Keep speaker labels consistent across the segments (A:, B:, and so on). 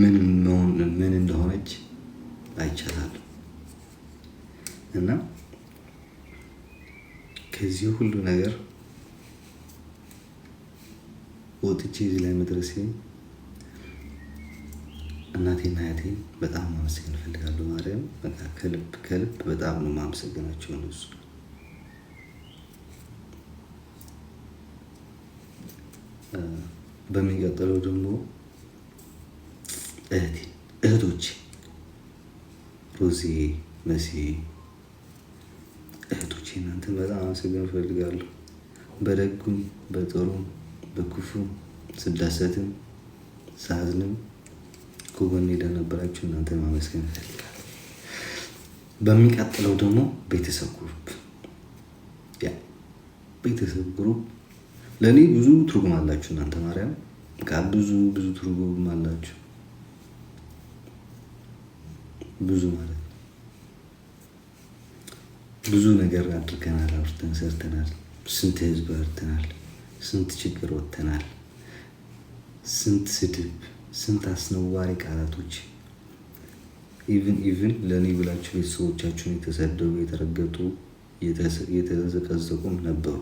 A: ምን ምን እንደሆነች አይቻታለሁ እና ከዚህ ሁሉ ነገር ወጥቼ እዚህ ላይ መድረሴ እናቴና አያቴ በጣም ማመስገን እፈልጋለሁ። ማርያም በቃ ከልብ ከልብ በጣም ነው ማመሰግናቸው ነው በሚቀጥለው ደግሞ እህቴ እህቶቼ ሮዚ መሲ እህቶቼ እናንተን በጣም አመሰግን እፈልጋለሁ። በደጉም በጥሩም በክፉ ስደሰትም ሳዝንም ከጎኔ ለነበራችሁ እናንተን ማመስገን እፈልጋለሁ። በሚቀጥለው ደግሞ ቤተሰብ ግሩፕ ያ ቤተሰብ ግሩፕ ለእኔ ብዙ ትርጉም አላችሁ እናንተ ማርያም ብዙ ብዙ ትርጉም አላችሁ። ብዙ ማለት ብዙ ነገር አድርገናል፣ አውርተን ሰርተናል። ስንት ህዝብ አርተናል፣ ስንት ችግር ወጥተናል፣ ስንት ስድብ፣ ስንት አስነዋሪ ቃላቶች ኢቭን ኢቭን ለእኔ ብላችሁ ቤተሰቦቻችሁን የተሰደቡ የተረገጡ የተዘቀዘቁም ነበሩ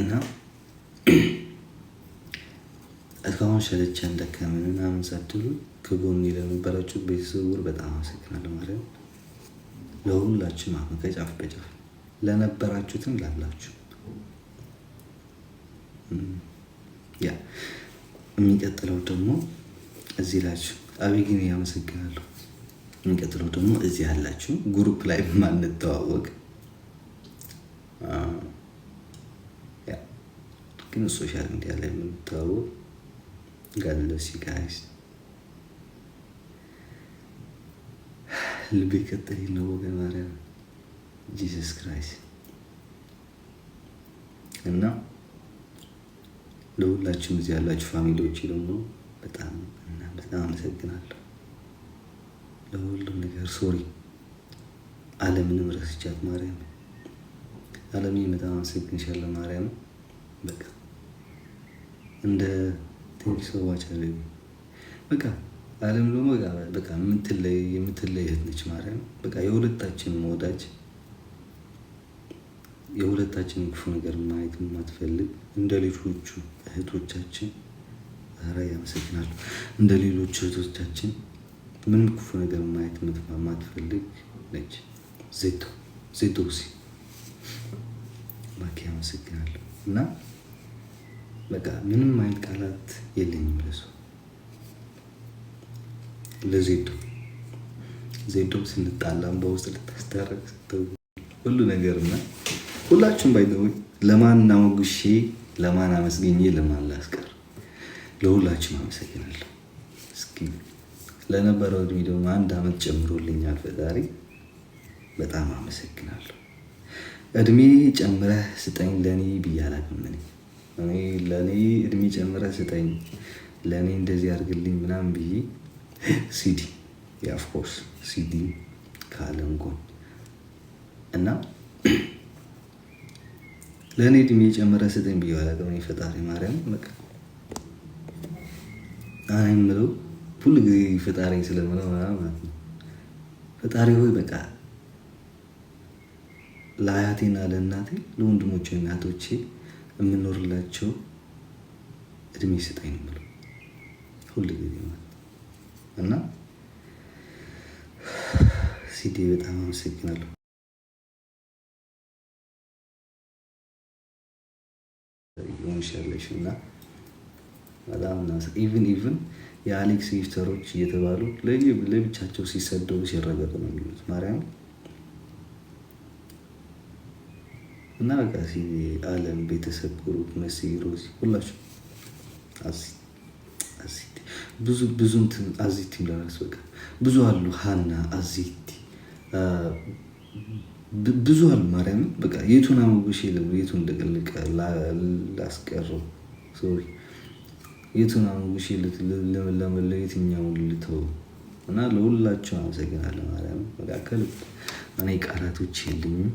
A: እና እስካሁን ሸለቻን ደከመን ምናምን ሳትሉ ከጎን ለነበራችሁ ቤተሰቡር በጣም አመሰግናለሁ ማለት ለሁላችን ማለት ከጫፍ በጫፍ ለነበራችሁትም ላላችሁ ያ የሚቀጥለው ደግሞ እዚህ ላችሁ አቤ ግን ያመሰግናለሁ። የሚቀጥለው ደግሞ እዚህ ያላችሁ ግሩፕ ላይ ማንተዋወቅ ግን ሶሻል ሚዲያ ላይ የምንተዋወቅ ጋለሲ ጋይስ ልቤ ቀጥ ነው ወገን ማርያም ጂሰስ ክራይስት እና ለሁላችሁም እዚህ ያላችሁ ፋሚሊዎች ደግሞ በጣም እና በጣም አመሰግናለሁ። ለሁሉም ነገር ሶሪ፣ ዓለምንም ረስቻት ማርያም። ዓለምን በጣም አመሰግንሻለሁ ማርያም። በቃ እንደ ቴንክ ሶ ዋች በቃ አለም ደግሞ በቃ የምትለይ የምትለይ እህት ነች ማርያም። በቃ የሁለታችን መወዳጅ የሁለታችን ክፉ ነገር ማየት የማትፈልግ እንደ ልጆቹ እህቶቻችን ራ ያመሰግናሉ። እንደ ሌሎቹ እህቶቻችን ምንም ክፉ ነገር ማየት የማትፈልግ ነች። ዜቶ ዜቶ ሲ ባኪ ያመሰግናለሁ እና በቃ ምንም አይነት ቃላት የለኝም ለሱ ለዜዶ ዜዶም ስንጣላም በውስጥ ልታስታረቅ ሁሉ ነገር እና ሁላችሁም ባይተወ ለማን አወግሼ ለማን አመስገኜ ለማን ላስቀር፣ ለሁላችሁም አመሰግናለሁ። እስኪ ለነበረው እድሜ ደግሞ አንድ አመት ጨምሮልኛል ፈጣሪ በጣም አመሰግናለሁ። እድሜ ጨምረህ ስጠኝ ለእኔ ብያላገመኝ እኔ ለእኔ እድሜ ጨምረህ ስጠኝ ለእኔ እንደዚህ አድርግልኝ ምናምን ብዬ ሲዲ የአፍኮርስ ሲዲ ከአለም እና ለእኔ እድሜ የጨመረ ስጠኝ ብዬ አላውቅም። ፈጣሪ ማርያም በቃ አይ የምለው ሁሉ ጊዜ ፈጣሪ ስለምለው ማለት ነው። ፈጣሪ ሆይ በቃ ለአያቴና ለእናቴ ለወንድሞቼ እናቶቼ የምኖርላቸው እድሜ ስጠኝ ምለው ሁሉ ጊዜ ማለት እና ሲዲ በጣም አመሰግናለሁ። ሆንሻለሽ እና በጣም ኢቭን ኢቭን የአሌክስ ጊፍተሮች እየተባሉ ለብቻቸው ሲሰደቡ ሲረገጡ ነው የሚሉት ማርያም እና በቃ አለም ቤተሰብ ግሩፕ መሲ ሮዚ ሁላችሁ ብዙ ብዙ እንትን አዚቲ ምላረስ በቃ ብዙ አሉ። ሀና አዚቲ ብዙ አሉ። ማርያም በቃ የቱን አመጉሽ የለም የቱን ልቅልቅ ላስቀረው ሶሪ የቱን አመጉሽ ለመለው የትኛውን ልተው እና ለሁላቸው አመሰግናለሁ። ማርያም በቃ ከልብ እኔ ቃላቶች የለኝም።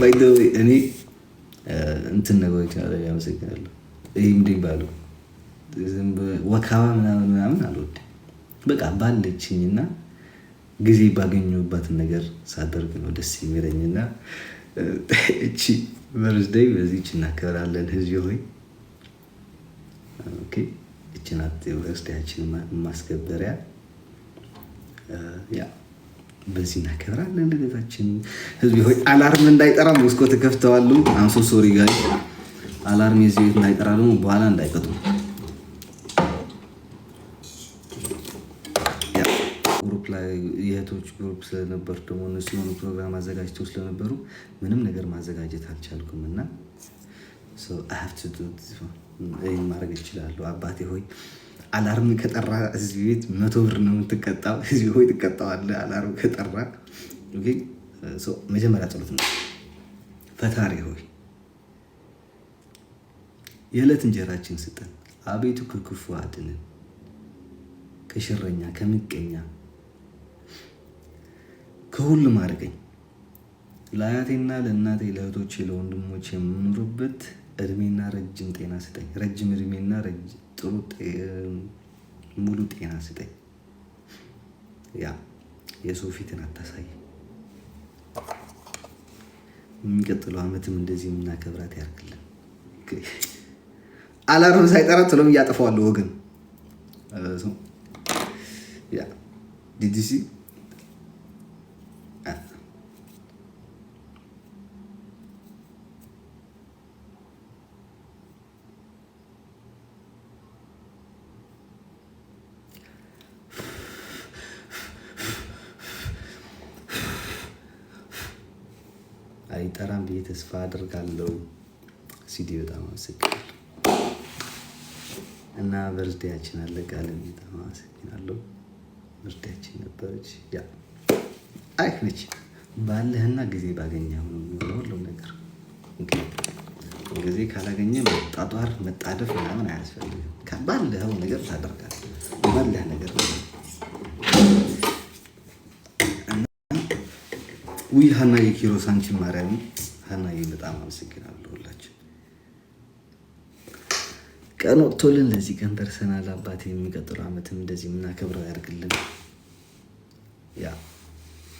A: ባይደው እኔ እንትን ነገሮች አለ ያመሰግናሉ። ይህ ምድ ባሉ ወካባ ምናምን ምናምን አልወድ። በቃ ባለችኝ ባለችኝና ጊዜ ባገኘሁባትን ነገር ሳደርግ ነው ደስ የሚለኝ የሚለኝና እቺ በርዝደይ በዚህች እናከብራለን። ህዝ ሆይ እችናት በርዝደያችን ማስከበሪያ በዚህ እናከብራለን ልደታችን። ህዝብ ሆይ አላርም እንዳይጠራ መስኮት ከፍተዋሉ። አምሶ ሶሪ ጋር አላርም የዚህ ቤት እንዳይጠራ ደግሞ በኋላ እንዳይቀጡ ግሩፕ ላይ የእህቶች ግሩፕ ስለነበር ደግሞ እነሱ የሆኑ ፕሮግራም አዘጋጅተው ስለነበሩ ምንም ነገር ማዘጋጀት አልቻልኩም እና ይህን ማድረግ እችላለሁ። አባቴ ሆይ አላርም ከጠራ እዚህ ቤት መቶ ብር ነው የምትቀጣው። እዚህ ሆይ ትቀጣዋለህ። አላርም ከጠራ መጀመሪያ ጸሎት ነው። ፈታሪ ሆይ የዕለት እንጀራችን ስጠን። አቤቱ ከክፉ አድንን፣ ከሽረኛ ከምቀኛ ከሁሉም አድርገኝ። ለአያቴና ለእናቴ ለእህቶቼ፣ ለወንድሞቼ የምኖርበት እድሜና ረጅም ጤና ስጠኝ። ረጅም እድሜና ረጅም ጥሩ ሙሉ ጤና ስጠኝ። ያ የሰው ፊትን አታሳይ። የሚቀጥለው ዓመትም እንደዚህ የምናከብራት ያርግልን። አላርም ሳይጠራ ትሎም እያጠፋዋለሁ ወገን ዲዲሲ አይጠራም ብዬ ተስፋ አድርጋለሁ። ሲዲ በጣም አመሰግናለሁ እና በርዳያችን አለቃለን። በጣም አመሰግናለሁ። በርዳያችን ነበረች ያ አይክ ነች። ባለህና ጊዜ ባገኘህ ነው የሚሆነው ሁሉም ነገር። ጊዜ ካላገኘ መጣጧር መጣደፍ ምናምን አያስፈልግም። ባለኸው ነገር ታደርጋለህ። ባለህ ነገር ነው ውይ ሀናዬ ኪሮስ አንቺን ማርያም ሀናዬ በጣም አመሰግናለሁ። ሁላችን ቀን ወጥቶልን ለዚህ ቀን ደርሰናል። አባቴ የሚቀጥለው አመትም እንደዚህ የምናከብረው ያርግልን። ያ